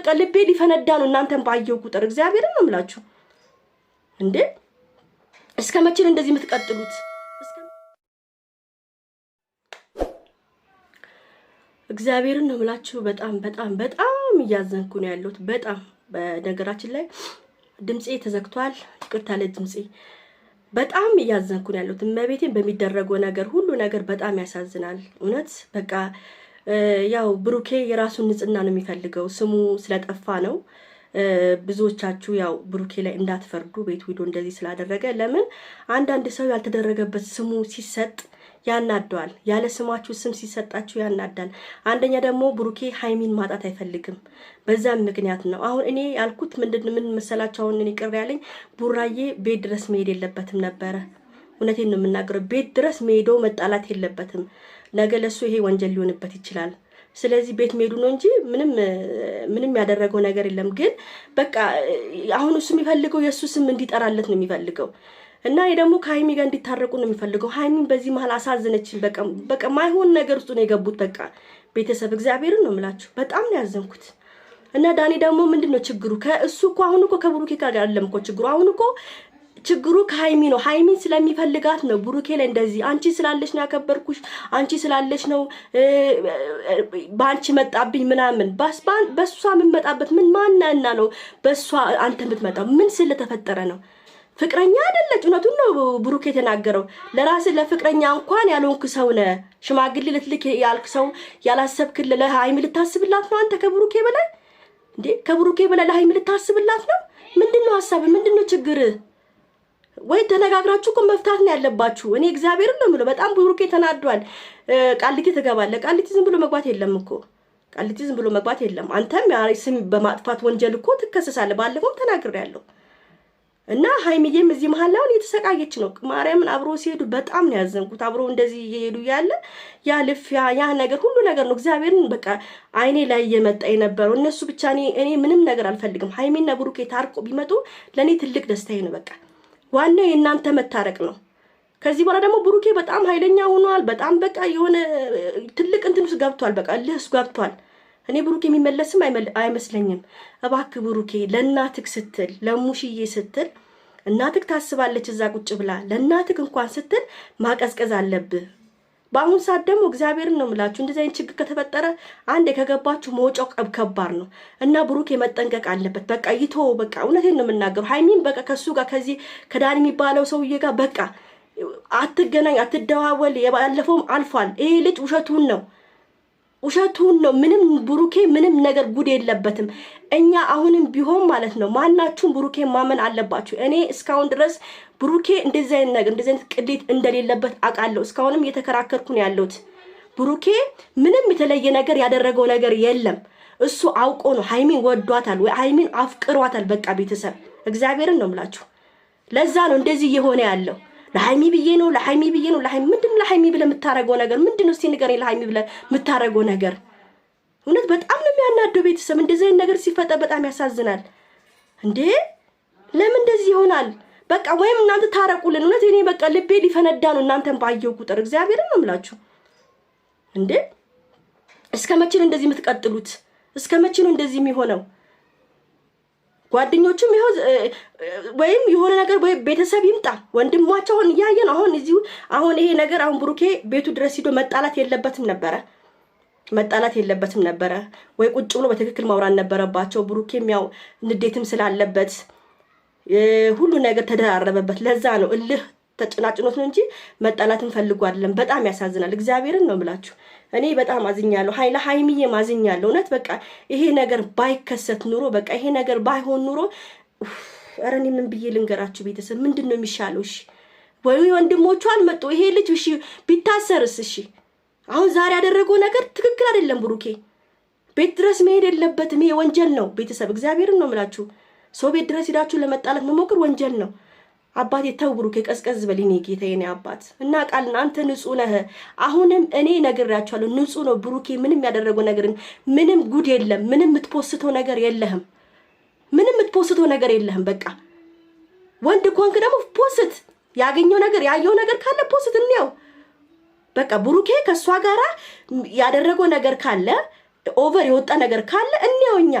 በቃ ልቤ ሊፈነዳ ነው እናንተን ባየው ቁጥር። እግዚአብሔርን ነው የምላችሁ። እንዴ እስከ መቼ ነው እንደዚህ የምትቀጥሉት? እግዚአብሔርን ነው የምላችሁ። በጣም በጣም በጣም እያዘንኩ ነው ያለሁት። በጣም በነገራችን ላይ ድምፄ ተዘግቷል። ይቅርታ ለድምፄ በጣም እያዘንኩ ነው ያለሁት። እመቤቴን በሚደረገው ነገር ሁሉ ነገር በጣም ያሳዝናል። እውነት በቃ ያው ብሩኬ የራሱን ንጽህና ነው የሚፈልገው። ስሙ ስለጠፋ ነው። ብዙዎቻችሁ ያው ብሩኬ ላይ እንዳትፈርዱ፣ ቤት ሂዶ እንደዚህ ስላደረገ ለምን አንዳንድ ሰው ያልተደረገበት ስሙ ሲሰጥ ያናደዋል። ያለ ስማችሁ ስም ሲሰጣችሁ ያናዳል። አንደኛ ደግሞ ብሩኬ ሀይሚን ማጣት አይፈልግም። በዛም ምክንያት ነው። አሁን እኔ ያልኩት ምንድን ምን መሰላችሁ? አሁን እኔ ቅር ያለኝ ቡራዬ ቤት ድረስ መሄድ የለበትም ነበረ። እውነቴን ነው የምናገረው። ቤት ድረስ መሄዶ መጣላት የለበትም ነገ ለሱ ይሄ ወንጀል ሊሆንበት ይችላል። ስለዚህ ቤት መሄዱ ነው እንጂ ምንም ምንም ያደረገው ነገር የለም። ግን በቃ አሁን እሱ የሚፈልገው የእሱ ስም እንዲጠራለት ነው የሚፈልገው እና ይሄ ደግሞ ከሀይሚ ጋር እንዲታረቁ ነው የሚፈልገው። ሀይሚን በዚህ መሀል አሳዝነችን። በቃ በቃ ማይሆን ነገር ውስጥ ነው የገቡት። በቃ ቤተሰብ እግዚአብሔርን ነው የምላችሁ፣ በጣም ነው ያዘንኩት። እና ዳኒ ደግሞ ምንድን ነው ችግሩ? ከእሱ እኮ አሁን እኮ ከብሩኬ ጋር አይደለም እኮ ችግሩ። አሁን እኮ ችግሩ ከሀይሚ ነው። ሀይሚን ስለሚፈልጋት ነው ብሩኬ ላይ እንደዚህ አንቺ ስላለሽ ነው ያከበርኩሽ፣ አንቺ ስላለሽ ነው በአንቺ መጣብኝ ምናምን። በሷ የምንመጣበት ምን ማናና ነው? በሷ አንተ የምትመጣው ምን ስለተፈጠረ ነው? ፍቅረኛ አይደለች። እውነቱን ነው ብሩኬ የተናገረው። ለራስ ለፍቅረኛ እንኳን ያልሆንክ ሰው ነህ። ሽማግሌ ልትልክ ያልክ ሰው ያላሰብክል። ለሀይሚ ልታስብላት ነው አንተ ከብሩኬ በላይ እንዴ? ከብሩኬ በላይ ለሀይሚ ልታስብላት ነው? ምንድን ነው ሀሳብ? ምንድን ነው ችግርህ? ወይ ተነጋግራችሁ እኮ መፍታት ነው ያለባችሁ። እኔ እግዚአብሔር ነው የምለው። በጣም ብሩኬ ተናዷል። ቃሊቲ ትገባለህ። ቃሊቲ ዝም ብሎ መግባት የለም እኮ ቃሊቲ ዝም ብሎ መግባት የለም። አንተም ስም በማጥፋት ወንጀል እኮ ትከሰሳለህ። ባለፈውም ተናግሬያለሁ እና ሀይሚዬም እዚህ መሀል አሁን እየተሰቃየች ነው። ማርያምን አብሮ ሲሄዱ በጣም ነው ያዘንኩት። አብሮ እንደዚህ እየሄዱ ያለ ያ ልፊያ ያ ነገር ሁሉ ነገር ነው እግዚአብሔርን በቃ አይኔ ላይ እየመጣ የነበረው እነሱ ብቻ እኔ ምንም ነገር አልፈልግም። ሀይሚና ብሩኬ ታርቆ ቢመጡ ለእኔ ትልቅ ደስታዬ ነው በቃ ዋናው የእናንተ መታረቅ ነው። ከዚህ በኋላ ደግሞ ብሩኬ በጣም ኃይለኛ ሆኗል። በጣም በቃ የሆነ ትልቅ እንትን ውስጥ ገብቷል። በቃ እልህ ውስጥ ገብቷል። እኔ ብሩኬ የሚመለስም አይመስለኝም። እባክህ ብሩኬ ለእናትክ ስትል ለሙሽዬ ስትል እናትክ ታስባለች። እዛ ቁጭ ብላ ለእናትክ እንኳን ስትል ማቀዝቀዝ አለብህ። በአሁኑ ሰዓት ደግሞ እግዚአብሔርን ነው የምላችሁ እንደዚህ አይነት ችግር ከተፈጠረ አንዴ ከገባችሁ መውጫው ከባድ ነው እና ብሩኬ መጠንቀቅ አለበት። በቃ ይቶ በቃ እውነቴን ነው የምናገሩ። ሀይሚን በቃ ከሱ ጋር ከዚህ ከዳን የሚባለው ሰውዬ ጋር በቃ አትገናኝ፣ አትደዋወል። የባለፈውም አልፏል። ይሄ ልጅ ውሸቱን ነው ውሸቱን ነው። ምንም ብሩኬ ምንም ነገር ጉድ የለበትም። እኛ አሁንም ቢሆን ማለት ነው ማናችሁም ብሩኬ ማመን አለባችሁ። እኔ እስካሁን ድረስ ብሩኬ እንደዚህ አይነት ነገር እንደዚህ አይነት ቅሌት እንደሌለበት አውቃለሁ። እስካሁንም እየተከራከርኩ ነው ያለሁት። ብሩኬ ምንም የተለየ ነገር ያደረገው ነገር የለም። እሱ አውቆ ነው ሀይሚን ወዷታል ወይ ሀይሚን አፍቅሯታል። በቃ ቤተሰብ እግዚአብሔርን ነው የምላችሁ። ለዛ ነው እንደዚህ እየሆነ ያለው። ለሀይሚ ብዬ ነው ለሀይሚ ብዬ ነው ለሀይሚ ምንድን ለሀይሚ ብለ የምታረገው ነገር ምንድን ነው? እስቲ ንገረኝ። ለሀይሚ ብለ የምታረገው ነገር እውነት በጣም ነው የሚያናደው። ቤተሰብ እንደዚህ አይነት ነገር ሲፈጠር በጣም ያሳዝናል። እንዴ ለምን እንደዚህ ይሆናል? በቃ ወይም እናንተ ታረቁልን። እውነት እኔ በቃ ልቤ ሊፈነዳ ነው እናንተን ባየው ቁጥር። እግዚአብሔርን ነው የምላችሁ። እንዴ እስከ መቼ ነው እንደዚህ የምትቀጥሉት? እስከ መቼ ነው እንደዚህ የሚሆነው? ጓደኞችም ይኸው ወይም የሆነ ነገር ወይ ቤተሰብ ይምጣ ወንድሟቸው አሁን ነው። አሁን እዚሁ አሁን ይሄ ነገር አሁን ብሩኬ ቤቱ ድረስ ሂዶ መጣላት የለበትም ነበረ መጣላት የለበትም ነበረ ወይ ቁጭ ብሎ በትክክል ማውራት ነበረባቸው። ብሩኬም ያው ንዴትም ስላለበት ሁሉ ነገር ተደራረበበት። ለዛ ነው እልህ ተጭናጭኖት ነው እንጂ መጣላትን ፈልጎ አይደለም። በጣም ያሳዝናል። እግዚአብሔርን ነው የምላችሁ። እኔ በጣም አዝኛለሁ። ሀይለ ሀይሚዬ ማዝኛለሁ። እውነት በቃ ይሄ ነገር ባይከሰት ኑሮ በቃ ይሄ ነገር ባይሆን ኑሮ ኧረ እኔ ምን ብዬ ልንገራችሁ ቤተሰብ፣ ምንድን ነው የሚሻለው? እሺ ወይ ወንድሞቹ አልመጡ ይሄ ልጅ እሺ ቢታሰርስ? እሺ አሁን ዛሬ ያደረገው ነገር ትክክል አይደለም። ብሩኬ ቤት ድረስ መሄድ የለበትም። ይሄ ወንጀል ነው ቤተሰብ፣ እግዚአብሔርን ነው የምላችሁ። ሰው ቤት ድረስ ሄዳችሁ ለመጣላት መሞክር ወንጀል ነው። አባቴ ተው ብሩኬ፣ ቀዝቀዝ በል የኔ ጌታ፣ አባት እና ቃልን አንተ ንጹህ ነህ። አሁንም እኔ ነግሬያቸዋለሁ፣ ንጹህ ነው ብሩኬ። ምንም ያደረገው ነገር ምንም ጉድ የለም። ምንም የምትፖስተው ነገር የለህም። ምንም የምትፖስተው ነገር የለህም። በቃ ወንድ ኮንክ ደግሞ ፖስት። ያገኘው ነገር ያየው ነገር ካለ ፖስት፣ እንየው በቃ ብሩኬ ከእሷ ጋራ ያደረገው ነገር ካለ ኦቨር የወጣ ነገር ካለ እንየው እኛ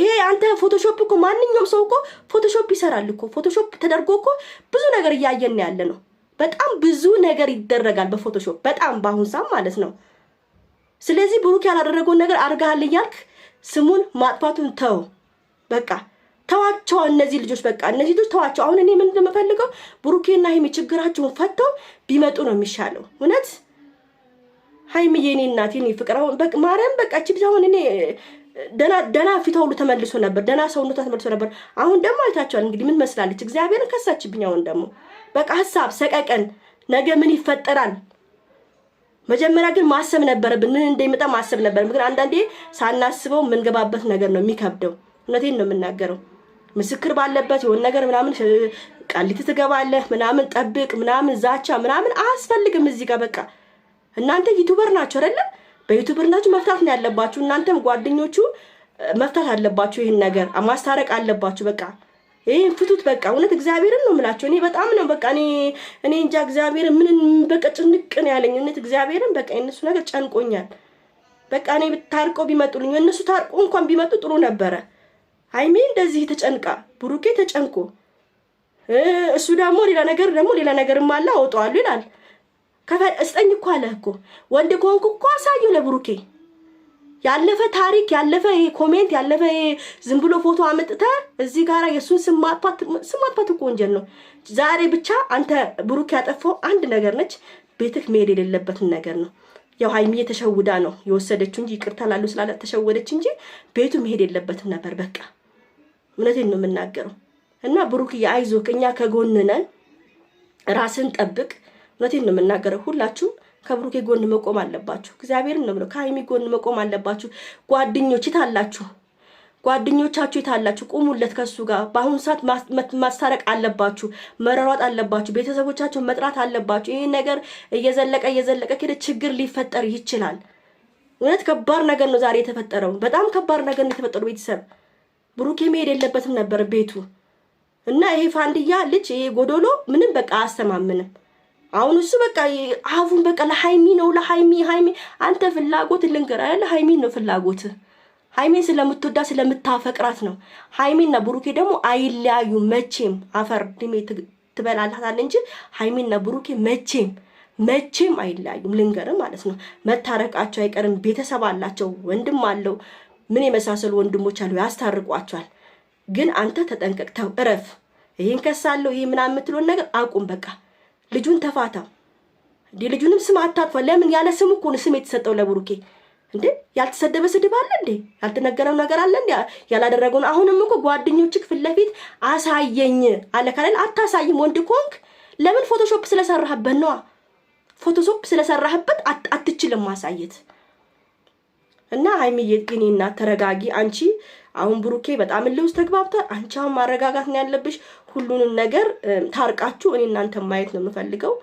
ይሄ አንተ ፎቶሾፕ እኮ ማንኛውም ሰው እኮ ፎቶሾፕ ይሰራል እኮ ፎቶሾፕ ተደርጎ እኮ ብዙ ነገር እያየን ያለ ነው። በጣም ብዙ ነገር ይደረጋል በፎቶሾፕ በጣም በአሁን ሰዓት ማለት ነው። ስለዚህ ብሩክ ያላደረገውን ነገር አድርገሃል እያልክ ስሙን ማጥፋቱን ተው፣ በቃ ተዋቸው። እነዚህ ልጆች በቃ እነዚህ ልጆች ተዋቸው። አሁን እኔ ምን እንደምፈልገው ብሩኬና ሀይሚ ችግራቸውን ፈተው ቢመጡ ነው የሚሻለው። እውነት ሀይሚዬ፣ የኔ እናት፣ የኔ ፍቅር አሁን ማርያም በቃ ችግር አሁን እኔ ደና ፊቷ ሁሉ ተመልሶ ነበር። ደና ሰውነቷ ተመልሶ ነበር። አሁን ደግሞ አይታቸዋል። እንግዲህ ምን መስላለች? እግዚአብሔርን ከሳችብኝ። አሁን ደግሞ በቃ ሀሳብ ሰቀቀን። ነገ ምን ይፈጠራል? መጀመሪያ ግን ማሰብ ነበረብን። ምን እንደሚመጣ ማሰብ ነበር። ግን አንዳንዴ ሳናስበው የምንገባበት ነገር ነው የሚከብደው። እውነቴን ነው የምናገረው። ምስክር ባለበት የሆነ ነገር ምናምን ቀሊት ትገባለህ ምናምን ጠብቅ ምናምን ዛቻ ምናምን አያስፈልግም። እዚህ ጋር በቃ እናንተ ዩቱበር ናቸው አይደለም በዩቱብ ብርናችሁ መፍታት ነው ያለባችሁ። እናንተም ጓደኞቹ መፍታት አለባችሁ። ይህን ነገር ማስታረቅ አለባችሁ። በቃ ይህን ፍቱት። በቃ እውነት እግዚአብሔርን ነው የምላቸው። እኔ በጣም ነው በቃ እኔ እኔ እንጃ እግዚአብሔር ምን በቃ ጭንቅ ነው ያለኝ። እውነት እግዚአብሔርን በቃ የእነሱ ነገር ጨንቆኛል። በቃ እኔ ታርቆ ቢመጡልኝ እነሱ ታርቆ እንኳን ቢመጡ ጥሩ ነበረ። ሀይሜ እንደዚህ ተጨንቃ፣ ብሩኬ ተጨንቆ፣ እሱ ደግሞ ሌላ ነገር ደግሞ ሌላ ነገርም አለ አውጠዋሉ ይላል። እስጠኝ እኮ አለህ እኮ ወንድ ከሆንኩ እኮ አሳየው ለብሩኬ። ያለፈ ታሪክ ያለፈ ይሄ ኮሜንት ያለፈ ይሄ ዝም ብሎ ፎቶ አመጥተ እዚህ ጋር የእሱን ስም ማጥፋት እኮ ወንጀል ነው። ዛሬ ብቻ አንተ ብሩክ ያጠፋው አንድ ነገር ነች፣ ቤትህ መሄድ የሌለበትን ነገር ነው። ያው ሀይሚዬ ተሸውዳ ነው የወሰደችው እንጂ ይቅርታ ላሉ ስላለ ተሸወደች እንጂ ቤቱ መሄድ የለበትም ነበር። በቃ እውነቴን ነው የምናገረው። እና ብሩክ አይዞህ፣ እኛ ከጎንነን ራስን ጠብቅ። እውነቴን ነው የምናገረው። ሁላችሁም ከብሩኬ ጎን መቆም አለባችሁ። እግዚአብሔርም ነው ብለው ከሀይሚ ጎን መቆም አለባችሁ። ጓደኞች የታላችሁ? ጓደኞቻችሁ የታላችሁ? ቁሙለት ከሱ ጋር። በአሁኑ ሰዓት ማስታረቅ አለባችሁ፣ መረሯጥ አለባችሁ፣ ቤተሰቦቻችሁ መጥራት አለባችሁ። ይህ ነገር እየዘለቀ እየዘለቀ ከሄደ ችግር ሊፈጠር ይችላል። እውነት ከባድ ነገር ነው ዛሬ የተፈጠረው። በጣም ከባድ ነገር ነው የተፈጠረው። ቤተሰብ ብሩኬ መሄድ የለበትም ነበር ቤቱ እና ይሄ ፋንድያ ልጅ ይሄ ጎዶሎ ምንም በቃ አያስተማምንም። አሁን እሱ በቃ አሁን በቃ ለሀይሚ ነው ለሀይሚ ሀይሚ አንተ ፍላጎት ልንገራ ያለ ሀይሚን ነው ፍላጎት ሀይሚን ስለምትወዳ ስለምታፈቅራት ነው ሀይሚና ብሩኬ ደግሞ አይለያዩ መቼም አፈር ድሜ ትበላላታል እንጂ ሀይሚና ብሩኬ መቼም መቼም አይለያዩም ልንገር ማለት ነው መታረቃቸው አይቀርም ቤተሰብ አላቸው ወንድም አለው ምን የመሳሰሉ ወንድሞች አሉ ያስታርቋቸዋል ግን አንተ ተጠንቀቅተው እረፍ ይህን ከሳለው ይህ ምናምን የምትለውን ነገር አቁም በቃ ልጁን ተፋታ። ልጁንም ስም አታጥፋ። ለምን ያለ ስም እኮ ነው ስም የተሰጠው ለብሩኬ። እንዴ ያልተሰደበ ስድብ አለ እንዴ? ያልተነገረው ነገር አለ እንዴ? ያላደረገው ነው። አሁንም እኮ ጓደኞችህ ፊት ለፊት አሳየኝ አለ ካለን አታሳይም። ወንድ ኮንክ ለምን ፎቶሾፕ ስለሰራህበት ነዋ። ፎቶሾፕ ስለሰራህበት አትችልም ማሳየት። እና ሀይሚዬ ግን እና ተረጋጊ። አንቺ አሁን ብሩኬ በጣም እልህ ውስጥ ተግባብቷል። አንቺ አሁን ማረጋጋት ነው ያለብሽ። ሁሉንም ነገር ታርቃችሁ እኔ እናንተ ማየት ነው የምፈልገው።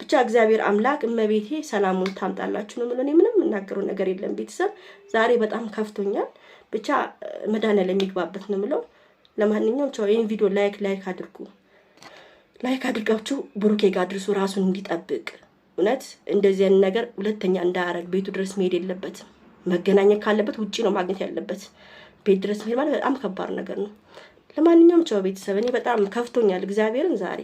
ብቻ እግዚአብሔር አምላክ እመቤቴ ሰላሙን ታምጣላችሁ ነው የምለው። ምንም የምናገረው ነገር የለም። ቤተሰብ ዛሬ በጣም ከፍቶኛል። ብቻ መድኃኒዓለም ይግባበት ነው የምለው። ለማንኛውም ቻው። ይህን ቪዲዮ ላይክ ላይክ አድርጉ፣ ላይክ አድርጋችሁ ብሩኬ ጋር አድርሱ፣ ራሱን እንዲጠብቅ እውነት እንደዚህ ነገር ሁለተኛ እንዳያረግ ቤቱ ድረስ መሄድ የለበትም። መገናኘት ካለበት ውጭ ነው ማግኘት ያለበት። ቤት ድረስ መሄድ ማለት በጣም ከባድ ነገር ነው። ለማንኛውም ቸው ቤተሰብ እኔ በጣም ከፍቶኛል እግዚአብሔርን ዛሬ